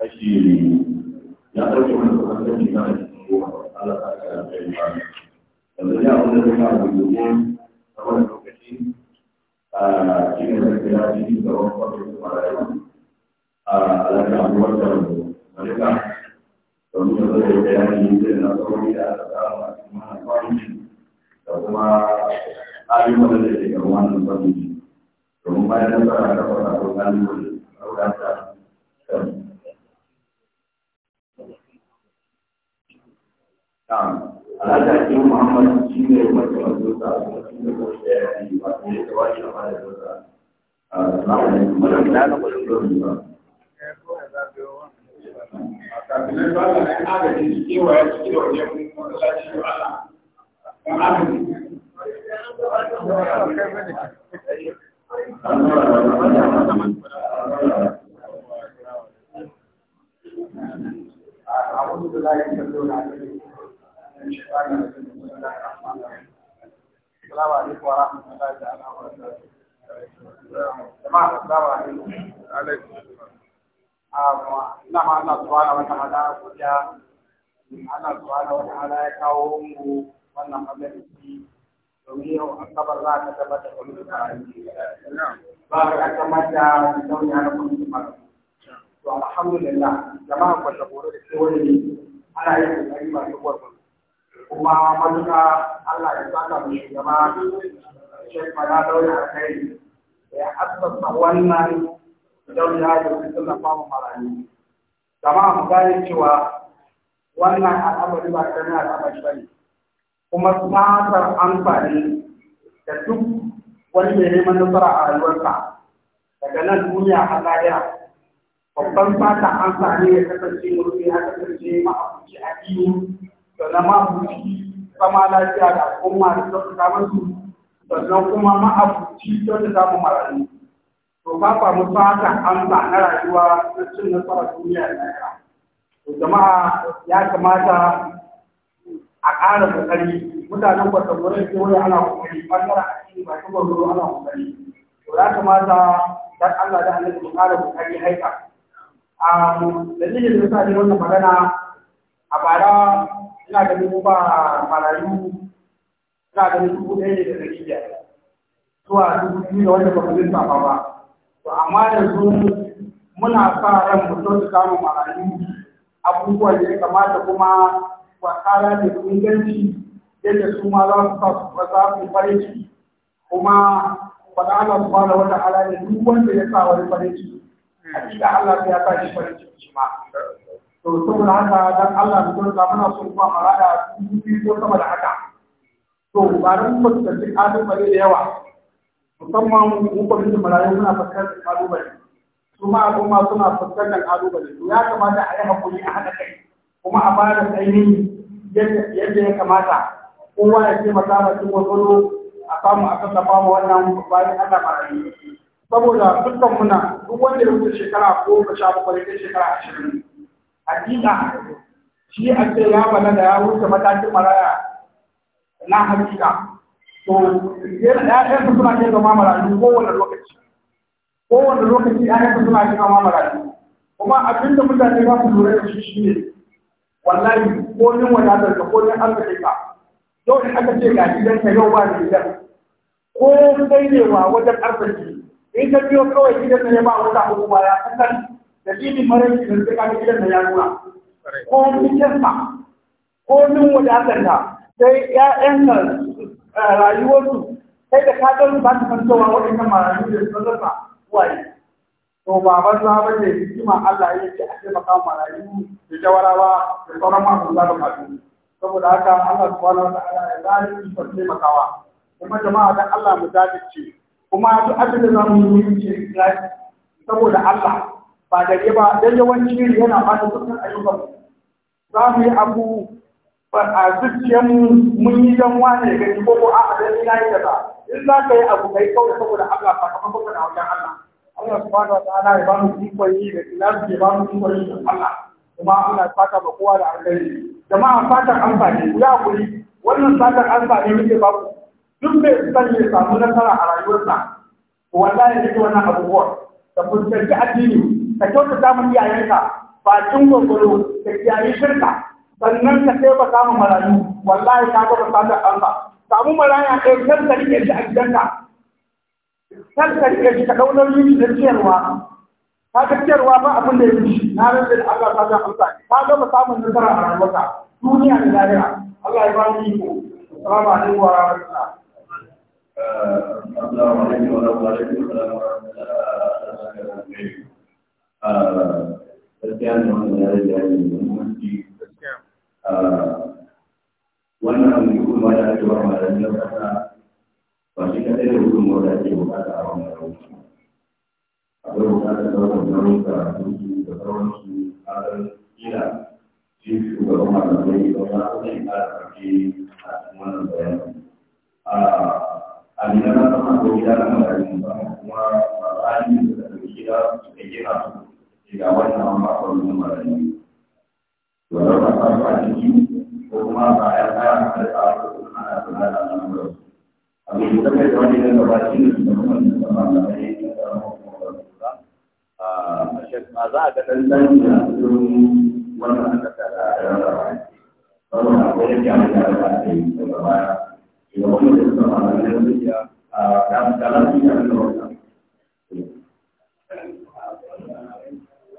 kashi ya ɗauke wani tsohon kashi na a cikin goma ala ta ka da kai ba yanzu ya wani da kuma abu da a wani lokaci a cikin da ke ya ci da wani kwakwai kuma rayuwa a alaƙa abubuwan da malika domin da zai da ya yi zai na da aka samu a cikin wannan kwanan da kuma ayyukan da zai ga wannan kwanan domin bayan nasara ta kwata ko Um, alhaji ake muhammad shi ne wata wanzu ta shi ne wata ya yi ba ne ta wani a bada wata a uh, zamanin kuma da na kwashe dori ba kafin ba السلام عليكم ورحمة الله تعالى وبركاته. جماعة السلام عليكم. عليكم السلام. نعم الله سبحانه وتعالى وجاء Allah subhanahu wa ta'ala ya kawo mu wannan majalisi domin yau an kabar za ka tabbata kwamitin karatu ba ka tabbata zaune na kwamitin karatu to alhamdulillah jama'a kwashe goro da kewaye ana yin kokari masu gwargwaro kuma matuƙa Allah ya saka mu shugaba Sheikh Mala a kai. ya asasa wannan daula da su suna fama marayu. Zama mu gane cewa wannan al'amari ba ta nuna al'amari ba ne. Kuma tsatsar amfani da duk wani mai neman nasara a rayuwarsa daga nan duniya a lahira babban fata amfani sami ya kasance murfi ya kasance ma'abuci a biyu sannan ma'abuci kama lafiya da al'umma da kyautata su. sannan kuma ma ma'abuci kyautata mu marayu to ka samu an ba na rayuwa na cin nasara duniya da naira to jama'a ya kamata a ƙara kokari mutanen kwatakwarai ke wani ana kokari ɓangaren addini ba kuma zuwa ana kokari to ya kamata dan Allah da Allah mu ƙara kokari haika a dalilin da sa ne wannan magana a bara ina ganin mu ba marayu ina ganin dubu ɗaya ne da ɗari biyar zuwa dubu biyu da wanda ba mu lissa ba ba to amma yanzu muna sa ran mu sauke samun marayu abubuwan da ya kamata kuma wasara da inganci yadda su ma za su sa su su farin ciki kuma faɗa Allah subhanahu wa ta'ala ne duk wanda ya sa wani farin ciki hakika Allah ya sa shi farin ciki shi ma to saboda haka dan Allah da kuma muna so kuma harada dubi ko sama da haka to ba dan fuskanci kalubale da yawa musamman mu kwamitin marayu muna fuskantar kalubale kuma al'umma suna fuskantar kalubale to ya kamata a yi hakuri a haɗa kai kuma a ba da tsaini yadda ya kamata kowa ya ce mata masu wasu a samu a tallafa ma wannan bayan Allah marayu saboda dukkan muna duk wanda ya wuce shekara ko ka sha bakwai kai shekara ashirin hakika shi a ce ya bala da ya wuce matakin maraya na hakika to ya'yansa suna ke zama marayu kowane lokaci kowane lokaci ya'yansa suna ke zama marayu kuma abin da mutane za su lura da shi shi ne wallahi ko nin wadatar ka ko nin arziki ka yau in aka ce ga ka yau ba da gidan ko kai ne wa wajen arziki in ka biyo kawai gidan ne ba wata hukuma ya kasance dalilin mararci da suka kaga gidan da ya nuna ko fitarsa ko min wadatarsa sai ‘ya'yansa eh, rayuwarsu sai da kagar ba ta san cewa marayu da sun rasa waye to baban za ba ne hikima Allah ya ce a taimaka marayu da jawarawa da sauran masu zaɓa masu saboda haka Allah subhanahu wa ta'ala ya zalimi ba taimakawa kuma jama'a dan Allah mu dace kuma duk abin da za mu yi ce saboda Allah ba da ba don yawanci yana ba da dukkan ayyukan za mu yi abu ba a zuciyar mun yi don wani da gani ko ko a a dan ina yi da ba in za ka yi abu kai kawai saboda Allah sakamakon ka da wajen Allah Allah subhanahu wa ta'ala ya ba mu ikon yi da ina ya ba mu ikon yi da Allah kuma Allah fata ba kowa da alheri jama'a fatan amfani ya kuri wannan fatan amfani muke ba ku duk mai san ya samu nasara a rayuwarsa wallahi ya ji wannan abubuwan da fuskanci addini ka kyauta samun iyayenka bakin gwagwaro da kiyaye shirka sannan ka sai ba samun marayu wallahi ka da samun ba samu maraya ɗaya kan ka rike shi a gidanka kan ka rike shi ka ɗaunar yin da ciyarwa ka ga ciyarwa ba abin da ya fi na rage da Allah ta ga amsa ka ba samun nasara a rayuwarka duniya da lahira Allah ya ba mu iko assalamu alaikum wa rahmatullah السلام عليكم ورحمة الله وبركاته gaskiya ne wannan ya rage ya ne muhimmanci wannan hukuma ake ba malamai na kasa ba shi da hukuma da ake bukata a wannan rahoton akwai bukatar ɗaukar nauka duki da sauransu a shi shugaban malamai don na kuɗin ƙara ƙarfi a cikin wannan bayanin a nuna na sama ko gida na malamai ba kuma ba za a yi da gida su kai gina su ga wannan bakon umarni domin ba ta ba ciki ko kuma ba ya tsaya da tsaro ko ana kula da al'amuran abin da kai wani da gaba shi ne da wannan da ba da mai da a shek ma za ka dan dan da cikin wannan da ta da rarraba saboda ko da kyamu da ba ta yi da ba ya wani da suka ba da zuciya a kan kalafi da wannan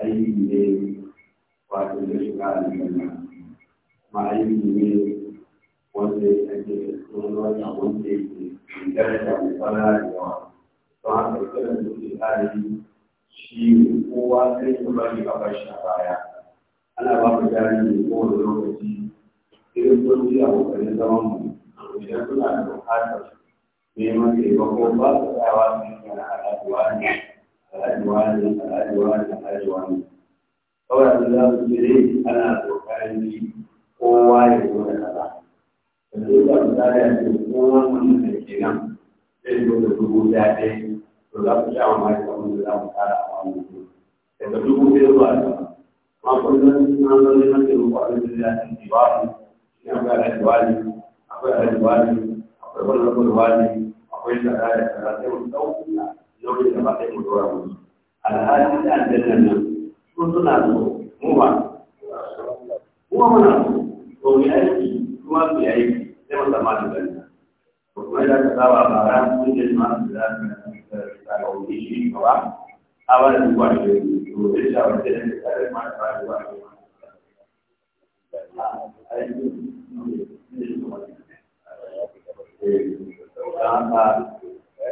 aiki ne wato da shiga aljanna kuma aiki ne wanda ya ake tsoron wata wanda ya ke daraja mai fara da yawa don haka kiran da ke tsari shi ne kowa sai ya a bashi a baya ana ba mu jari ne kowane lokaci irin kunci abokanin zaman mu idan suna da bukatar neman taimako ba su tsayawa su yi mana haɗuwa wani alhaji wani alhaji wani kawai abin za ana kokarin ji kowa ya zo da kaza da su da misali a ce kowa wannan da ke nan zai zo da dubu ɗaya ɗaya to za ku sha mamaki abin da za mu a wannan dubu daga dubu ɗaya zuwa sama Kuma kullum suna zo neman taimako abin da za su ji babu shi akwai alhaji wani akwai alhaji wani akwai wani wani akwai tsara da tsara sai mu ɗauka nauyin da ba sai mu dora musu alhali da aljannan nan su suna so mu ba kuma muna so to mu aiki kuma mu aiki sai mu zama da gani to kuma da ka saba bara mun je ma da za ka a ba da duba shi to da shi eh, ka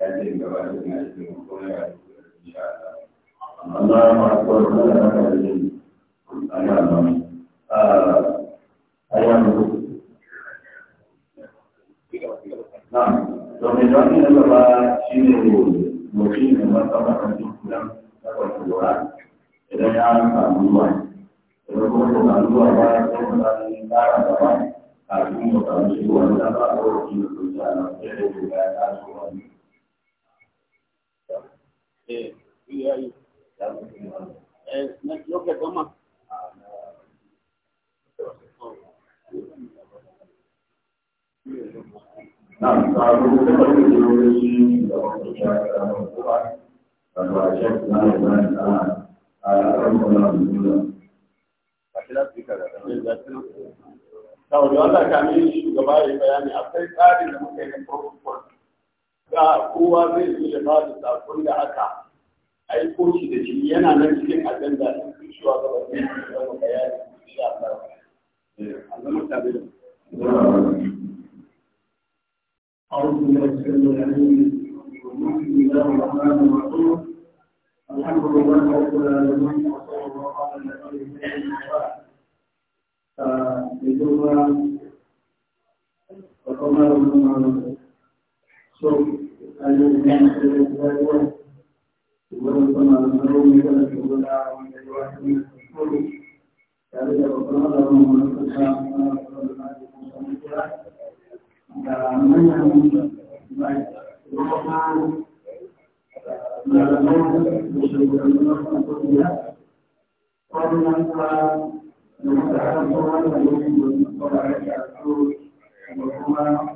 ya ce gaba da na shi kuma yi da na ka yi ana ba a kuma ta kuma a kowace mutum ya na eh ya yi eh na yoke goma na da kwamfani da wani kuma ba shaƙa na na bayani akwai tsarin da muka na ga kowa zai zo ya ba da sakon da aka aiko shi da shi yana nan cikin ajanda da su shi wa gaba ne da mu bayani insha Allah Allah mu tabe da أعوذ بالله السميع العليم ومن الله الرحمن الرحيم الحمد لله رب العالمين وصلى الله على نبينا محمد بدون وكما ربنا so الذي كان في الرواية وربما نروي ولد ولا رواية من الرسول كذلك وقال لهم من Thank you.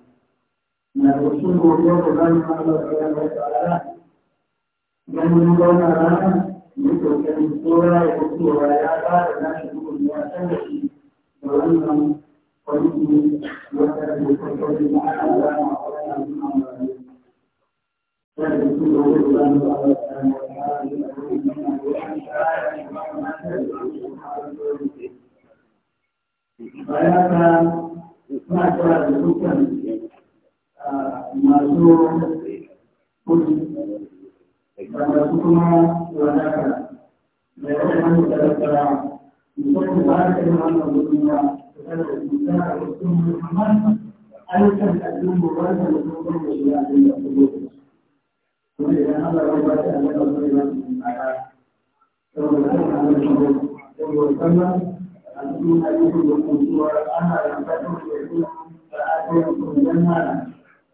من الوصول والدور بين الله سبحانه وتعالى من يقول لنا مثل كلمة سورة يقول ويعلى الناس يقول ويعتمد وأنهم قلبي وكان يقول معنا وأنا أقول لهم أمر كان يقول الله سبحانه وتعالى يقول لنا ويعلى ما كان ما كان masu kudi da masu kuma wadata da wajen da tattara musamman ba ta yi wannan gudunwa da kada su ta a wasu musamman ayyukan da sun bukata da sun kuma da shi a cikin da kuma kuma idan Allah ya ba ta a nan da kuma da su tsara saboda kan Allah ya ba ta musamman a cikin ayyukan da kuma ana da fatan da su da aka yi kuma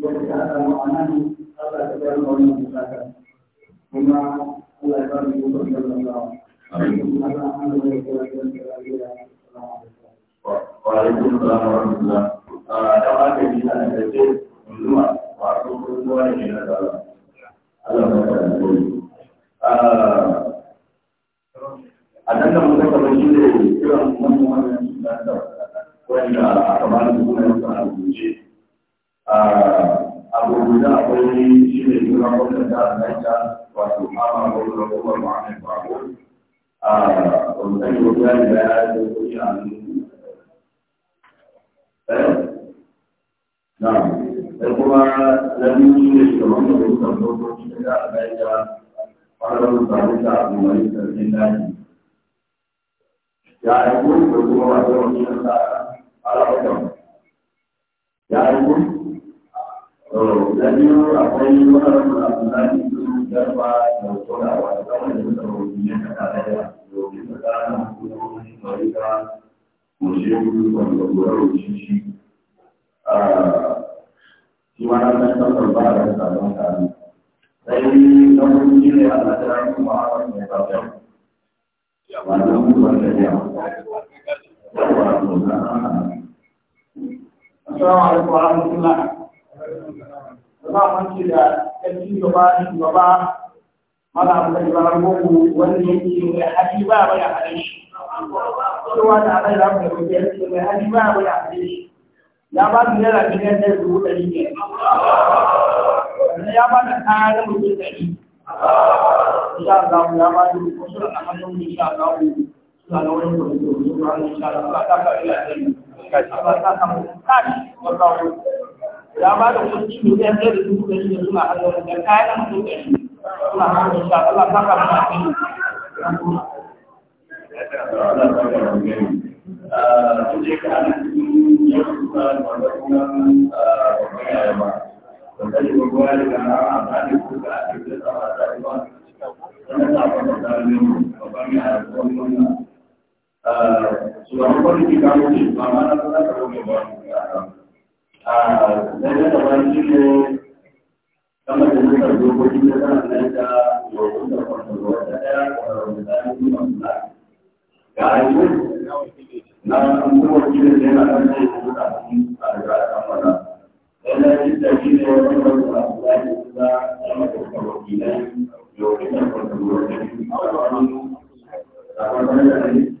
yadda ta haɗa mu a Allah ta bayar kuma Allah ya ba mu yi wani sallallahu Allah an da mai kira da lafiya wa alaikum salam wa rahmatullah da ba ka yi a ƙarshe zuwa wato kuma ne na da Allah ya ba mu a nan da mutum kuma abu guda akwai shi ne kuma wannan da alaƙa wato ama wannan kuma ma'anar babu a wannan yau ya da ya yi kuɗi na da kuma lalu shi ne shugaban da kuma dokoki da alaƙa ɓangaren zaɓen da abu mai sarkin daji ya yi kuɗi da kuma wajen wani yasa alaƙa ya yi na biyu akwai da kulawa da kawai a nasarar kuma ba wanke da ɗan gaba shugaba mana abu da jibarar boko wanda yake mai hali ba ba ya hali shi kowa da bai za mu rubuta yake mai ba ba ya hali ya ba su naira miliyan ɗaya dubu ɗari ne ya ba da kaya na mutum ɗari insha Allah ya ba da wasu da hannun insha Allah suna da wani kwanci da wasu insha Allah ta ka ila ya ba da kuɗi ne ɗaya ɗaya da dubu ɗari da suna hannun da kayan mutum ɗari suna hannun da Allah ta kama na kai Thank you. sulla memoria di campo di la mano da come va a nella davanti che come che sta dopo di la nella lo sta facendo da era con la mano dai na un po' di nella nella sta sta sta nella città di Roma la sta la con la io che sta con la sta con la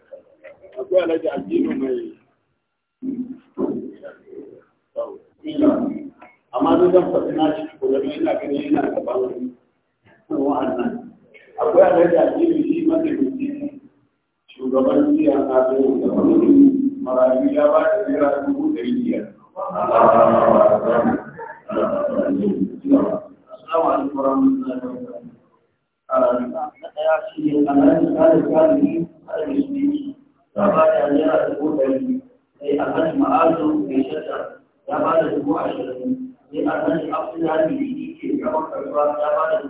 akwai alhaji addini mai amma zai zan faɗi na shi kudin ina gani yana gaban wa'annan akwai alhaji addini shi mataimakin shugaban jiya na zo da wani marayu ya ba da naira dubu ɗari biyar Assalamu alaikum warahmatullahi wabarakatuh. Na ɗaya shi ne alhaji Salisu ta ba da naira dubu ɗari sai a kan ma'azu mai shaddar ya ba da dubu ashirin sai a kan abdullahi da ke gaban kasuwa ya ba da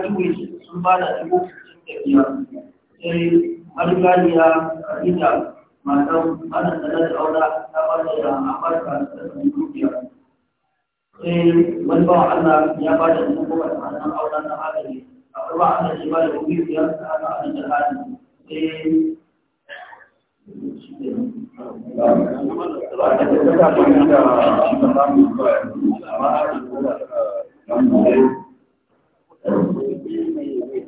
graduate sun ba da dubu da sai marigaliya Khadija matan manan da zai aura ta bada da Amurka da Ethiopia sai wani bawan Allah ya ba da dubu da matan aura na Hadari akwai ba Allah ya ba da dubu biyar da aka abin da Hadari sai Thank you.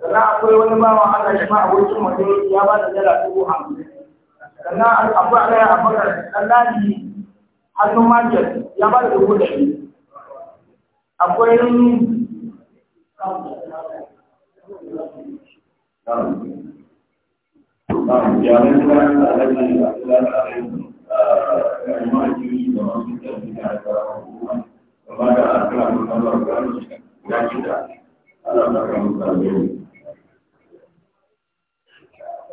sannan akwai wani bawa Allah shi ma abokin mutum ya ba da dala dubu hamsin sannan abu a raya abubakar tsallani hannun market ya ba da dubu ɗari akwai yaren da ya alaƙa da alaƙa Thank you.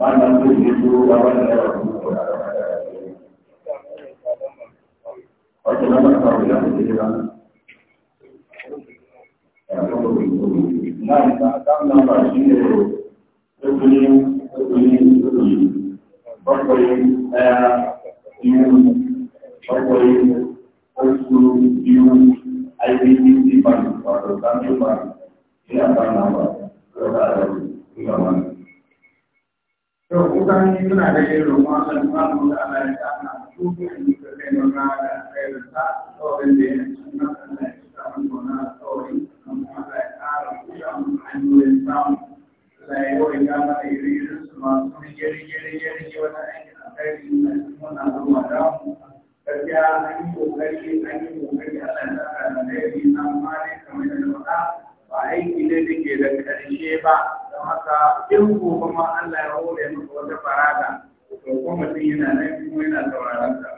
وأن تجلسوا وأن يرحموا وتنمى قولها كثيرا نعم تعلم رشيد تقولي تقولي تقولي تقولي يوم تقولي أسلو يوم أي بي سي بان وتنمى بان إلى بان نعم وتعلم to kusan ni muna da irin wannan mamu da Allah ya ta su ne ka kai mana da kai da ta sauran da ya Allah ya sa mun gona sauran amma Allah ya ƙara kusa mun hanyoyin samu Allah ya yi ya mana irin su masu rige rige rige rige wata aikin alkhairi na muna zuwa da mu gaskiya an yi kokari an yi kokari Allah ya sa da alkhairi amma dai kamar da ba aiki ne da ke da ƙarshe ba haka in ko kuma Allah ya hore maka wata faraga to ko mutum yana nan kuma yana sauraron ka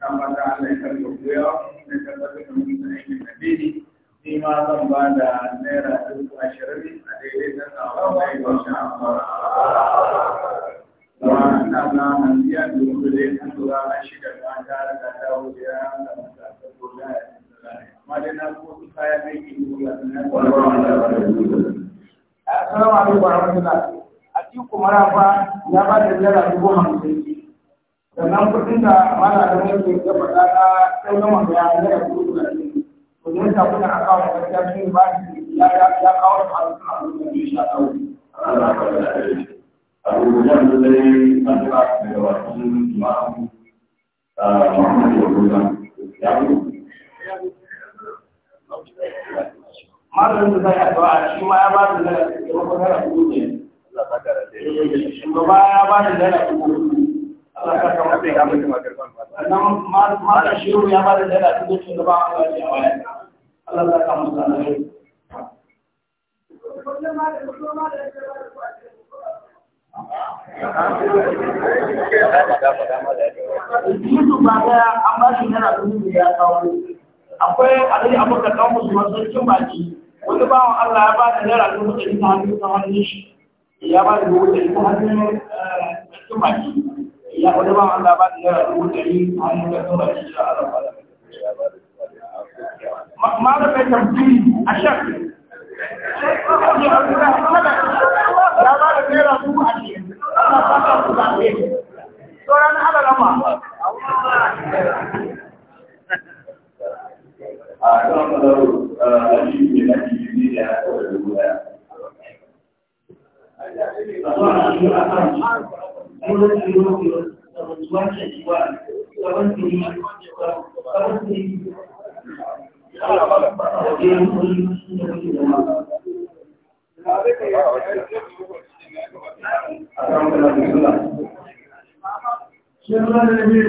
kan mata Allah ya karɓa koya da tabbatar da mutum aikin addini ni ma zan ba da naira dubu ashirin a daidai na tsawon ya gwamshi a Wa ta na biya dubu da ya tura a shida ta da ta assalamu alaikum wa rahmatullah a tiku marafa ya ba da naira dubu hamsin sannan kuɗin da mala da mai ke gaba da na sauran da ya naira dubu talatin to ne ta kuna a kawo gaskiya ba ya kawo da masu suna da shi sha kawo abubuwan da zai malamin da zai addu'a shi ma ya ba da dala kuma naira da ne shugaba ya ba da dala dubu Allah ka kama sai ka mutu magarban sannan malam shi. ya ba da dala dubu shugaba Allah ya ba Allah ka kama sai shi ya Akwai alhaji abokan kawo musu wasu cin baki wani bawan Allah ya ba da naira dubu ɗari ta hannun ta hannun shi ya ba da dubu ta hannun tumaki eh, ya wani bawan Allah ya ba da naira dubu ɗari ta hannun ta tumaki da Allah ba da ma da kai tamfiri a shak ya ba da naira dubu ashirin ana fata ku zaɓe sauran alalama a don shi ne na ne da aka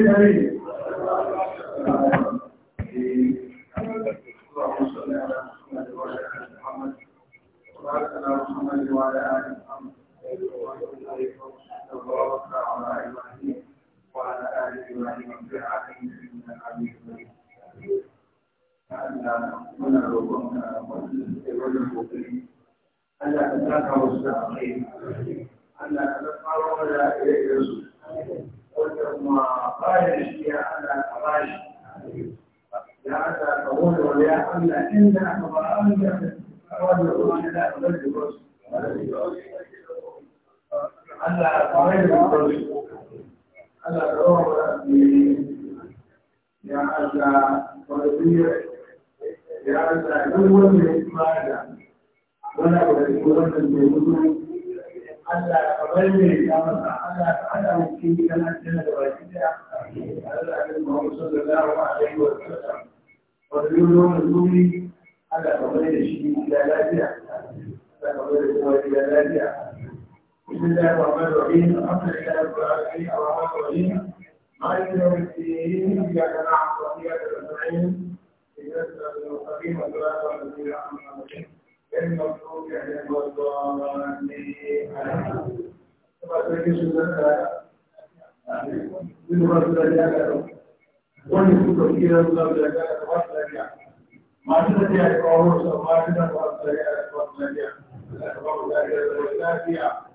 wani الضالين أم إلى الضالين والآخرين مالك يوم الدين إياك نعبد وإياك نستعين إذا المستقيم هناك الذين أنعمت عليهم غير المغضوب عليهم ولا الضالين Thank you.